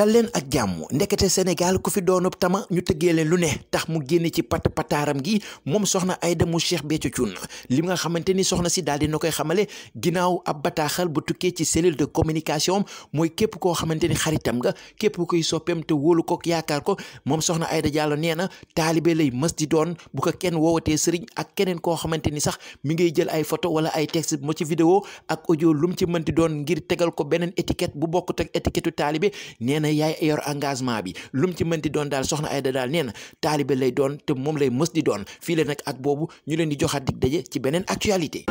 dal leen ak jàmm ndekete Sénégal ku fi doonub tama ñu tëggee leen lu ne tax mu génn ci pat pataaram gi moom soxna Aida mu Cheikh Béthio Thioune li nga xamante ni soxna si daal di na koy xamale ginnaaw ab bataaxal bu tukkee ci cellule de communication mooy képp koo xamante ni xaritam nga képp koy soppeem te wóolu ko yaakaar ko moom soxna Aida Diallo nee na taalibe lay mës di doon bu ko kenn woowatee sëriñ ak keneen koo xamante ni sax mu ngay jël ay photo wala ay texte mo ci vidéo ak audio lu mu ci mënti doon ngir tegal ko beneen étiquette bu bokkut ak étiquette taalibe nee na yaay yor engagement bi lu mu ci mënti doon daal soxna Aida daal neen na taalibe lay doon te moom lay mës di doon fii la nag ak boobu ñu leen di joxaat dig daje ci beneen actualité